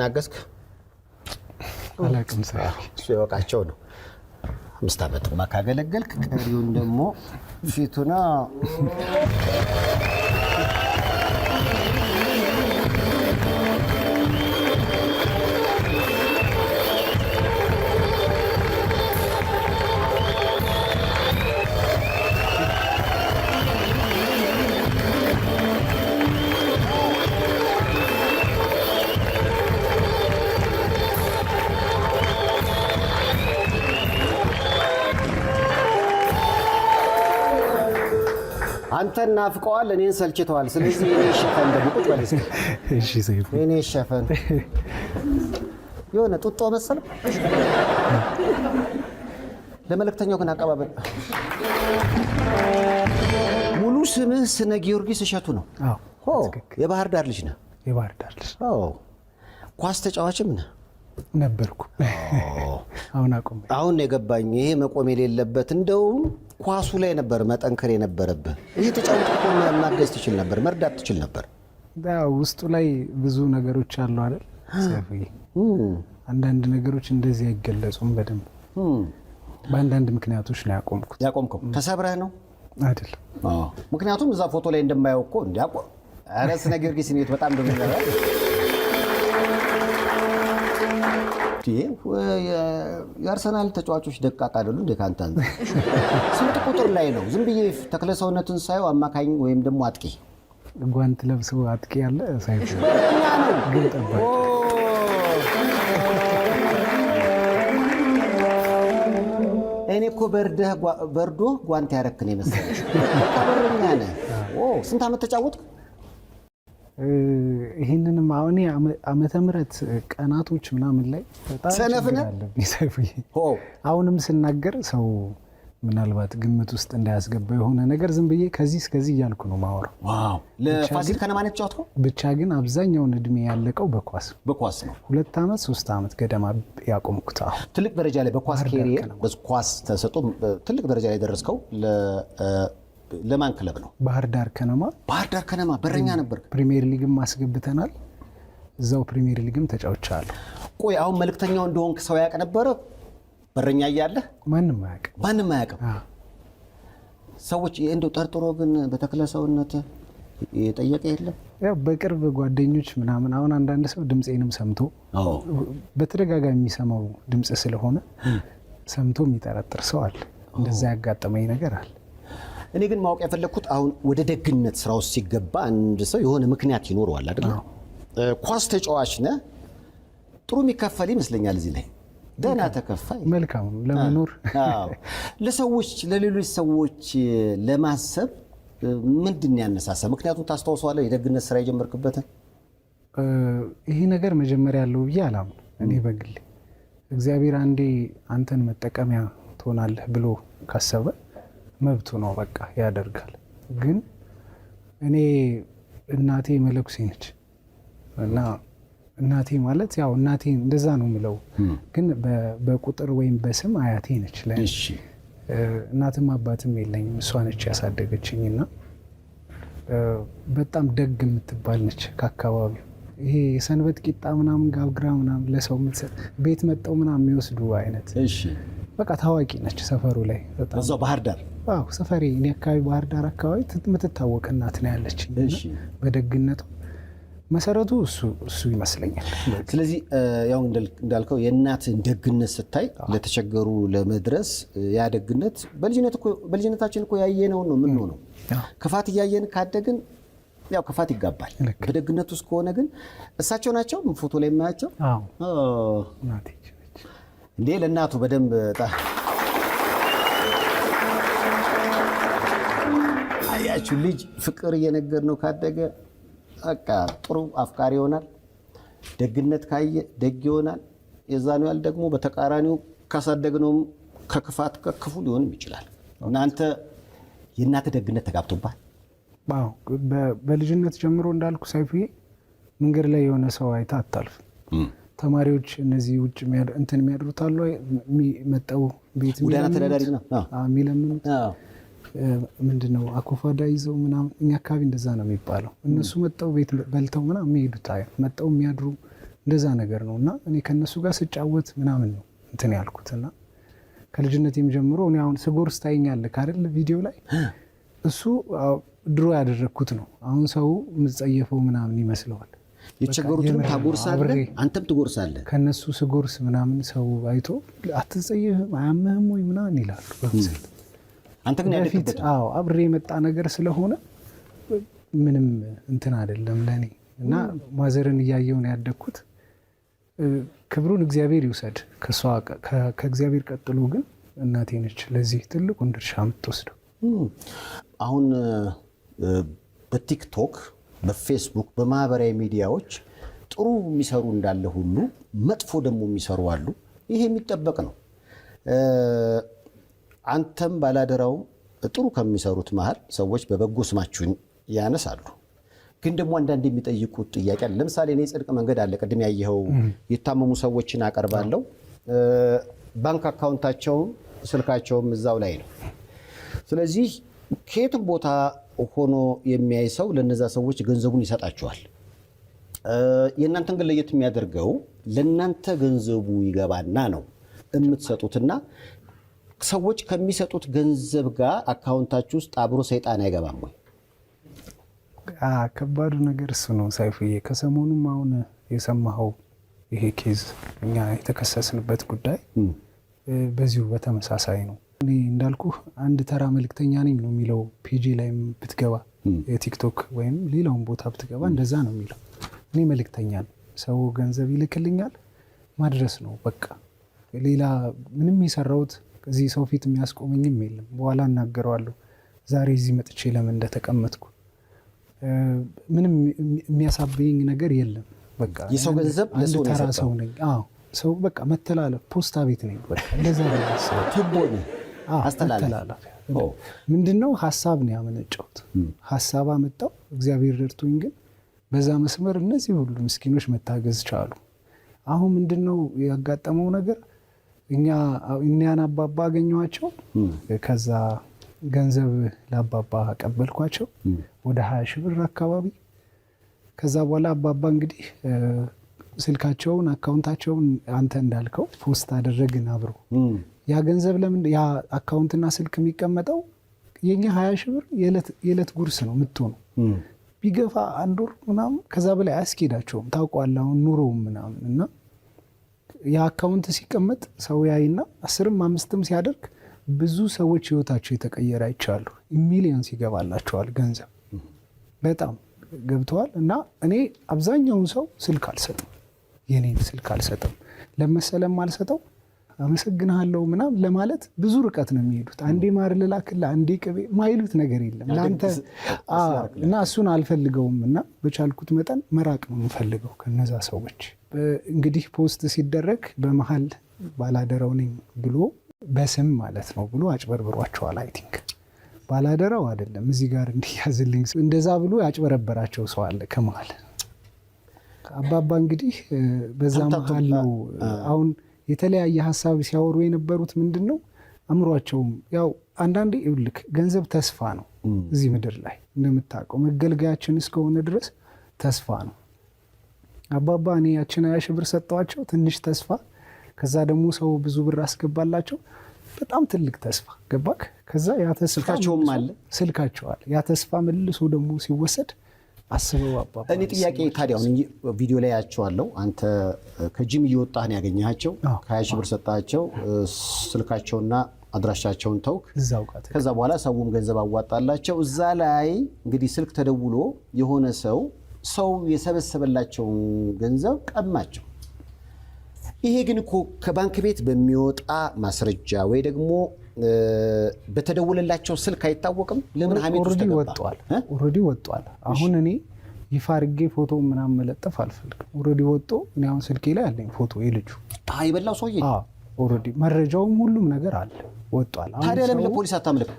ናገዝክ እሱ የወቃቸው ነው። አምስት ዓመት ካገለገልክ ቀሪውን ደግሞ ፊቱና አንተን ናፍቀዋል፣ እኔን ሰልችተዋል። ስለዚህ እኔ ሸፈን ደግሞ ቁጭ በል ሸፈን የሆነ ጡጦ መሰል ለመልእክተኛው ግን አቀባበል ሙሉ ስምህ ስነ ጊዮርጊስ እሸቱ ነው። የባህር ዳር ልጅ ነህ። የባህር ዳር ልጅ ኳስ ተጫዋችም ነህ ነበርኩ። አሁን አቆም። አሁን የገባኝ ይሄ መቆም የሌለበት እንደውም ኳሱ ላይ ነበር መጠንከር የነበረብህ። እየተጫወተ ማገዝ ትችል ነበር፣ መርዳት ትችል ነበር። ውስጡ ላይ ብዙ ነገሮች አሉ አይደል? አንዳንድ ነገሮች እንደዚህ አይገለጹም በደንብ በአንዳንድ ምክንያቶች ነው ያቆምኩት። ያቆምከው ተሰብረህ ነው አይደል? ምክንያቱም እዛ ፎቶ ላይ እንደማያውቅ እኮ እንዲ ኧረ ስነ ጊዮርጊስ በጣም ደሚ የአርሰናል ተጫዋቾች ደቃቅ አይደሉ እንደ ከአንተ ስንት ቁጥር ላይ ነው? ዝም ብዬ ተክለ ሰውነትን ሳየው አማካኝ ወይም ደግሞ አጥቂ ጓንት ለብሶ አጥቂ ያለ ሳይ ግን ጠባቂ እኔ እኮ በርዶ ጓንት ያረክን ይመስላል። በቃ በረኛ ስንት ዓመት ተጫወትክ? ይህንንም አሁን አመተ ምሕረት ቀናቶች ምናምን ላይ አሁንም ስናገር ሰው ምናልባት ግምት ውስጥ እንዳያስገባ የሆነ ነገር ዝም ብዬ ከዚህ እስከዚህ እያልኩ ነው ማወራው። ለፋሲል ከነማን የተጫወትኩ ብቻ ግን አብዛኛውን እድሜ ያለቀው በኳስ በኳስ ነው። ሁለት ዓመት ሶስት ዓመት ገደማ ያቆምኩት ትልቅ ደረጃ ላይ በኳስ ኬሪየር በኳስ ተሰጦ ትልቅ ደረጃ ላይ ደረስከው ለማን ክለብ ነው? ባህር ዳር ከነማ። ባህር ዳር ከነማ በረኛ ነበር። ፕሪሚየር ሊግም አስገብተናል። እዛው ፕሪሚየር ሊግም ተጫውቻለሁ። ቆይ አሁን መልእክተኛው እንደሆንክ ሰው ያውቅ ነበረ? በረኛ እያለ ማንም አያውቅም። ማንም አያውቅም። ሰዎች እንደው ጠርጥሮ ግን በተክለ ሰውነት የጠየቀ የለም። ያው በቅርብ ጓደኞች ምናምን። አሁን አንዳንድ ሰው ድምፄንም ሰምቶ በተደጋጋሚ የሚሰማው ድምፅ ስለሆነ ሰምቶ የሚጠረጥር ሰው አለ። እንደዛ ያጋጠመኝ ነገር አለ። እኔ ግን ማወቅ የፈለግኩት አሁን ወደ ደግነት ስራ ውስጥ ሲገባ አንድ ሰው የሆነ ምክንያት ይኖረዋል አይደል? ኳስ ተጫዋች ነ ጥሩ የሚከፈል ይመስለኛል እዚህ ላይ ደህና ተከፋይ፣ መልካም ለመኖር ለሰዎች ለሌሎች ሰዎች ለማሰብ ምንድን ያነሳሳ? ምክንያቱም ታስታውሰዋለህ የደግነት ስራ የጀመርክበትን። ይሄ ነገር መጀመሪያ ያለው ብዬ አላምን። እኔ በግሌ እግዚአብሔር አንዴ አንተን መጠቀሚያ ትሆናለህ ብሎ ካሰበ መብቱ ነው፣ በቃ ያደርጋል። ግን እኔ እናቴ መለኩሴ ነች እና እናቴ ማለት ያው እናቴ እንደዛ ነው የምለው፣ ግን በቁጥር ወይም በስም አያቴ ነች። እናትም አባትም የለኝም፣ እሷ ነች ያሳደገችኝ እና በጣም ደግ የምትባል ነች። ከአካባቢው ይሄ የሰንበት ቂጣ ምናምን ጋብግራ ምናምን ለሰው ቤት መጠው ምናምን የሚወስዱ አይነት በቃ ታዋቂ ነች ሰፈሩ ላይ በጣም ባህር ዳር አዎ ሰፈሬ እኔ አካባቢ ባህር ዳር አካባቢ የምትታወቅ እናት ነው ያለች በደግነቱ መሰረቱ እሱ እሱ ይመስለኛል። ስለዚህ ያው እንዳልከው የእናትን ደግነት ስታይ ለተቸገሩ ለመድረስ ያ ደግነት በልጅነታችን እኮ ያየነውን ነው የምንሆነው። ክፋት እያየን ካደግን ያው ክፋት ይጋባል። በደግነት ውስጥ ከሆነ ግን እሳቸው ናቸው ፎቶ ላይ የማያቸው እንዴ ለእናቱ በደንብ ያላችሁ ልጅ ፍቅር እየነገር ነው ካደገ በቃ ጥሩ አፍቃሪ ይሆናል። ደግነት ካየ ደግ ይሆናል። የዛን ያህል ደግሞ በተቃራኒው ካሳደግነውም ከክፋት ከክፉ ሊሆንም ይችላል። እናንተ የእናተ ደግነት ተጋብቶባል። በልጅነት ጀምሮ እንዳልኩ ሰይፉዬ መንገድ ላይ የሆነ ሰው አይታ አታልፍ። ተማሪዎች እነዚህ ውጭ እንትን የሚያድሩት አሉ መጠው ቤት ሚለምኑት ምንድነው አኮፋዳ ይዘው ምናምን እኛ አካባቢ እንደዛ ነው የሚባለው። እነሱ መጠው ቤት በልተው ምናምን የሚሄዱት መጠው የሚያድሩ እንደዛ ነገር ነው። እና እኔ ከእነሱ ጋር ስጫወት ምናምን ነው እንትን ያልኩት እና ከልጅነት ጀምሮ እኔ አሁን ስጎርስ ታይኛለህ አይደል ቪዲዮ ላይ እሱ ድሮ ያደረግኩት ነው። አሁን ሰው የምጸየፈው ምናምን ይመስለዋል። የቸገሩትንም ታጎርሳለህ፣ አንተም ትጎርሳለህ። ከእነሱ ስጎርስ ምናምን ሰው አይቶ አትጸየፍም አያምህም ወይ ምናምን ይላሉ በምስል አንተ ግን አብሬ የመጣ ነገር ስለሆነ ምንም እንትን አይደለም ለእኔ እና ማዘርን እያየውን ያደግኩት። ክብሩን እግዚአብሔር ይውሰድ። ከእግዚአብሔር ቀጥሎ ግን እናቴ ነች ለዚህ ትልቁን ድርሻ የምትወስደው። አሁን በቲክቶክ በፌስቡክ በማህበራዊ ሚዲያዎች ጥሩ የሚሰሩ እንዳለ ሁሉ መጥፎ ደግሞ የሚሰሩ አሉ። ይሄ የሚጠበቅ ነው። አንተም ባላደራው ጥሩ ከሚሰሩት መሀል ሰዎች በበጎ ስማችሁን ያነሳሉ። ግን ደግሞ አንዳንድ የሚጠይቁት ጥያቄ አለ። ለምሳሌ እኔ ጽድቅ መንገድ አለ ቅድም ያየኸው የታመሙ ሰዎችን አቀርባለሁ። ባንክ አካውንታቸውም ስልካቸውም እዛው ላይ ነው። ስለዚህ ከየትም ቦታ ሆኖ የሚያይ ሰው ለነዛ ሰዎች ገንዘቡን ይሰጣቸዋል። የእናንተን ግን ለየት የሚያደርገው ለእናንተ ገንዘቡ ይገባና ነው የምትሰጡትና ሰዎች ከሚሰጡት ገንዘብ ጋር አካውንታችሁ ውስጥ አብሮ ሰይጣን አይገባም ወይ? ከባዱ ነገር እሱ ነው ሳይፉዬ። ከሰሞኑም አሁን የሰማኸው ይሄ ኬዝ እኛ የተከሰስንበት ጉዳይ በዚሁ በተመሳሳይ ነው። እኔ አንድ ተራ መልክተኛ ነኝ ነው የሚለው። ፒጂ ላይም ብትገባ የቲክቶክ ወይም ሌላውን ቦታ ብትገባ እንደዛ ነው የሚለው። እኔ መልክተኛ ነው። ሰው ገንዘብ ይልክልኛል፣ ማድረስ ነው በቃ። ሌላ ምንም የሰራሁት እዚህ ሰው ፊት የሚያስቆመኝም የለም። በኋላ እናገረዋለሁ ዛሬ እዚህ መጥቼ ለምን እንደተቀመጥኩ። ምንም የሚያሳበኝ ነገር የለም። በቃ የሰው ገንዘብ ተራ ሰው ነኝ። ሰው በቃ መተላለፍ ፖስታ ቤት ነኝ። እንደዛ አስተላለፍ ምንድን ነው ሀሳብ ነው ያመነጨሁት። ሀሳብ አመጣው እግዚአብሔር ረድቶኝ፣ ግን በዛ መስመር እነዚህ ሁሉ ምስኪኖች መታገዝ ቻሉ። አሁን ምንድን ነው ያጋጠመው ነገር እኛ እኒያን አባባ አገኘኋቸው። ከዛ ገንዘብ ለአባባ ቀበልኳቸው ወደ ሀያ ሺህ ብር አካባቢ። ከዛ በኋላ አባባ እንግዲህ ስልካቸውን አካውንታቸውን አንተ እንዳልከው ፖስት አደረግን አብሮ ያ ገንዘብ ለምን ያ አካውንትና ስልክ የሚቀመጠው የኛ ሀያ ሺህ ብር የዕለት ጉርስ ነው የምትሆነው። ቢገፋ አንድ ወር ምናምን ከዛ በላይ አያስኬዳቸውም። ታውቋል አሁን ኑሮውም ምናምን እና የአካውንት ሲቀመጥ ሰው ያይና አስርም አምስትም ሲያደርግ ብዙ ሰዎች ህይወታቸው የተቀየረ አይቻሉ። ሚሊዮን ይገባላቸዋል ገንዘብ በጣም ገብተዋል። እና እኔ አብዛኛውን ሰው ስልክ አልሰጥም፣ የኔን ስልክ አልሰጥም። ለመሰለም አልሰጠው አመሰግናለሁ ምናምን ለማለት ብዙ ርቀት ነው የሚሄዱት። አንዴ ማር ልላክልህ፣ አንዴ ቅቤ ማይሉት ነገር የለም ለአንተ እና እሱን አልፈልገውም እና በቻልኩት መጠን መራቅ ነው የምፈልገው ከነዛ ሰዎች። እንግዲህ ፖስት ሲደረግ በመሀል ባላደራው ነኝ ብሎ በስም ማለት ነው ብሎ አጭበርብሯቸዋል። አይ ቲንክ ባላደራው አይደለም እዚህ ጋር እንዲያዝልኝ እንደዛ ብሎ ያጭበረበራቸው ሰው አለ ከመሀል አባባ እንግዲህ በዛ መሀል ነው አሁን የተለያየ ሀሳብ ሲያወሩ የነበሩት ምንድን ነው አእምሯቸውም ያው አንዳንዴ ይኸውልህ ገንዘብ ተስፋ ነው። እዚህ ምድር ላይ እንደምታውቀው መገልገያችን እስከሆነ ድረስ ተስፋ ነው። አባባ እኔ ያችን ሀያ ሺህ ብር ሰጠዋቸው ትንሽ ተስፋ፣ ከዛ ደግሞ ሰው ብዙ ብር አስገባላቸው በጣም ትልቅ ተስፋ ገባክ። ከዛ ያ ተስፋ ስልካቸውም አለ ስልካቸው አለ ያ ተስፋ መልሶ ደግሞ ሲወሰድ አስበው አባ እኔ ጥያቄ ታዲያ አሁን ቪዲዮ ላይ ያቸዋለው አንተ ከጂም እየወጣህ ነው ያገኘሃቸው። ከሀያ ሺህ ብር ሰጣቸው። ስልካቸውና አድራሻቸውን ተውክ። ከዛ በኋላ ሰውም ገንዘብ አዋጣላቸው። እዛ ላይ እንግዲህ ስልክ ተደውሎ የሆነ ሰው ሰው የሰበሰበላቸውን ገንዘብ ቀማቸው። ይሄ ግን እኮ ከባንክ ቤት በሚወጣ ማስረጃ ወይ ደግሞ በተደወለላቸው ስልክ አይታወቅም። ለምን ሀሜት ውስጥ ወጥቷል? ኦልሬዲ ወጥቷል። አሁን እኔ ይፋ አድርጌ ፎቶ ምናምን መለጠፍ አልፈልግም። ኦልሬዲ ወጦ እኔ አሁን ስልኬ ላይ አለኝ ፎቶ የልጁ የበላው ሰውዬ ኦልሬዲ መረጃውም ሁሉም ነገር አለ ወጥቷል። ታዲያ ለምን ለፖሊስ አታመልክም?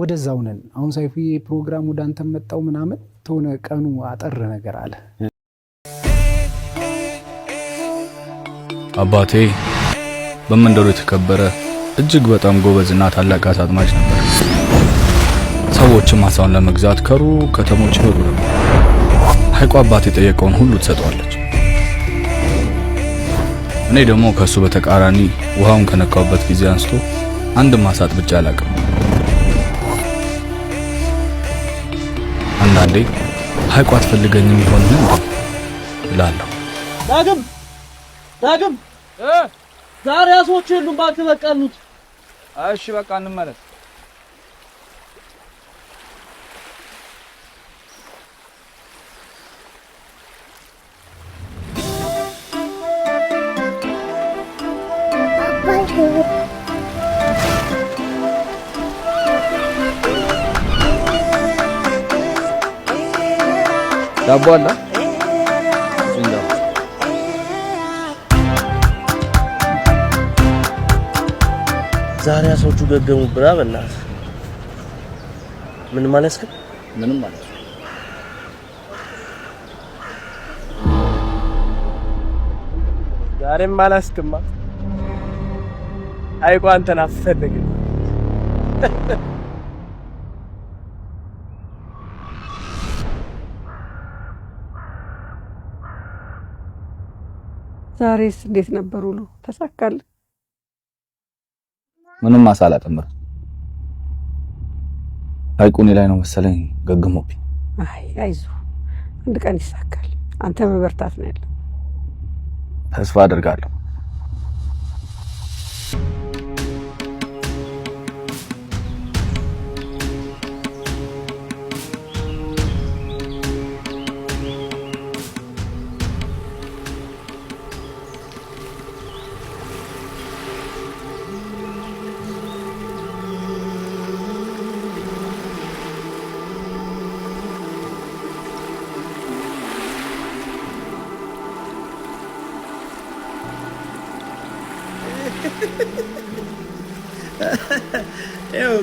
ወደዛው ነን አሁን ሳይፉ ፕሮግራም ወደ አንተ መጣው ምናምን ተሆነ ቀኑ አጠር ነገር አለ አባቴ በመንደሩ የተከበረ እጅግ በጣም ጎበዝና ታላቅ አሳ አጥማጅ ነበር። ሰዎችም አሳውን ለመግዛት ከሩቅ ከተሞች ይመጡ ነበር። ሐይቁ አባት የጠየቀውን ሁሉ ትሰጠዋለች። እኔ ደግሞ ከእሱ በተቃራኒ ውሃውን ከነካውበት ጊዜ አንስቶ አንድም አሳ አጥምጄ አላውቅም። አንዳንዴ ሐይቁ አትፈልገኝም ይሆን እላለሁ። ዳግም ዳግም ዛሬ አሶች የሉም። እባክህ Ay şu bak annem var. Double, huh? ዛሬ ሰዎቹ ገገሙ ብላ በእናት ምንም አልያዝክም? ምንም ማለት ነው። ዛሬም አልያዝክማ። አይቆ አንተን አትፈልግም። ዛሬስ እንዴት ነበር ውሎ? ተሳካልን? ምንም አሳ አላጠምርም። ሐይቁ ላይ ነው መሰለኝ ገግሞብኝ። አይ አይዞ፣ አንድ ቀን ይሳካል። አንተ መበርታት ነው ያለው። ተስፋ አድርጋለሁ።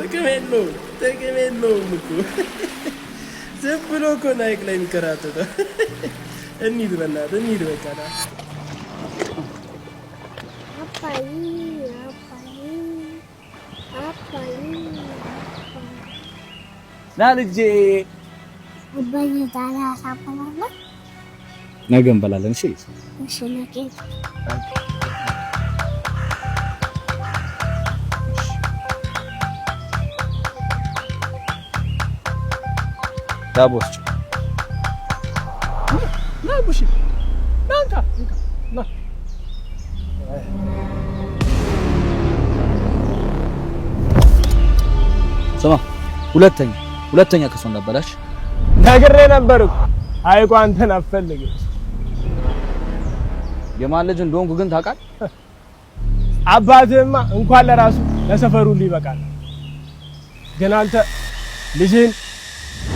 ጥቅም የለውም፣ ጥቅም የለውም እኮ ዝም ብሎ እኮ ናይክ ላይ የሚከራተተው። እንሂድ፣ በእናትህ እንሂድ፣ በቃ ና ና ልጄ፣ ነገ እንበላለን። እሺ፣ እሺ። ዳቦች ስማ፣ ሁለተኛ ሁለተኛ ከሰው እንዳበላሽ ነግሬ ነበር እኮ። አይቆ አንተን አትፈልግም። የማን ልጅ እንደሆንኩ ግን ታውቃለህ። አባትህማ እንኳን ለራሱ ለሰፈሩ ይበቃል። ግን አንተ ልጅህን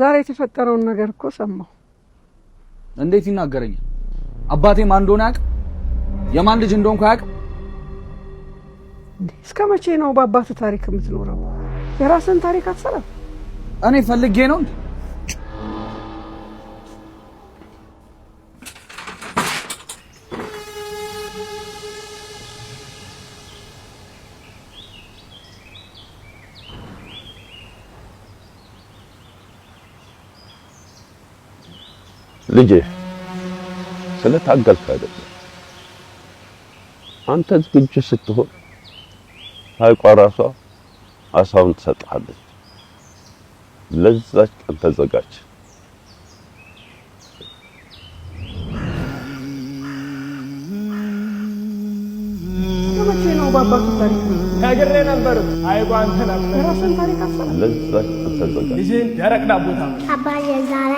ዛሬ የተፈጠረውን ነገር እኮ ሰማሁ። እንዴት ይናገረኛል? አባቴ ማን እንደሆነ አያውቅም? የማን ልጅ እንደሆንኩ አያውቅም? እስከ መቼ ነው በአባት ታሪክ የምትኖረው? የራስን ታሪክ አትሰራም? እኔ ፈልጌ ነው እንዴ ልጄ ስለ ታገልክ አይደለም። አንተ ዝግጁ ስትሆን ሐይቋ ራሷ አሳውን ትሰጥሃለች። ለዛች ቀን ተዘጋጅ። ነግሬ ነበር። ነበር ራስን ታሪክ አባዬ ዛሬ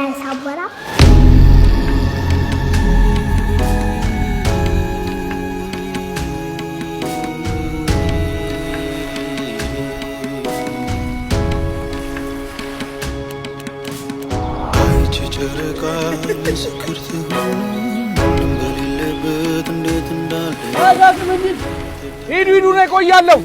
ቆያለሁ።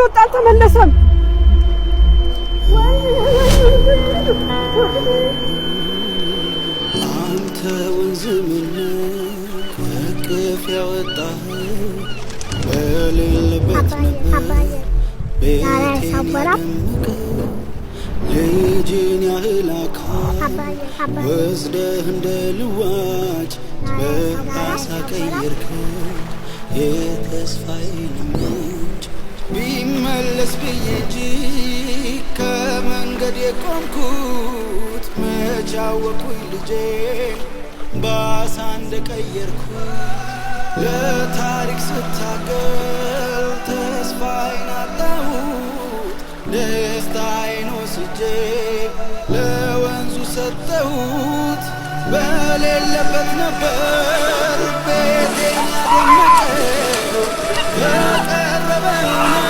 እንደወጣ አልተመለሰም። አንተ ወንዝ ምነው ከቅፍ ያወጣህ በሌለበት ነበር ቤቴን ልጅን ያህል አካል ወስደህ እንደ ልዋጭ በአሳ ቀየርከው መለስ ብዬ እንጂ ከመንገድ የቆምኩት መቻወቁኝ ልጄ ባሳ እንደቀየርኩት ለታሪክ ስታገል ተስፋ አጣሁት ደስታ ወስጄ ለወንዙ ሰጠሁት በሌለበት ነበር ቤቴን ያደመቀው የቀረበና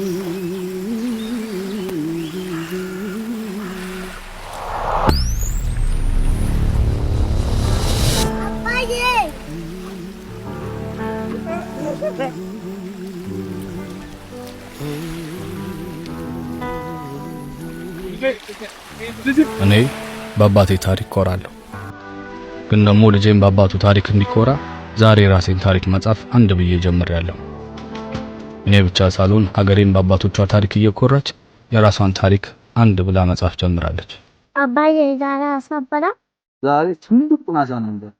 በአባቴ ታሪክ ኮራለሁ። ግን ደግሞ ልጄም በአባቱ ታሪክ እንዲኮራ ዛሬ ራሴን ታሪክ መጻፍ አንድ ብዬ ጀምሬያለሁ። እኔ ብቻ ሳልሆን ሀገሬን በአባቶቿ ታሪክ እየኮራች የራሷን ታሪክ አንድ ብላ መጻፍ ጀምራለች። አባዬ ዛሬ አስነበላ ዛሬ ትልቁ ናሳ ነበር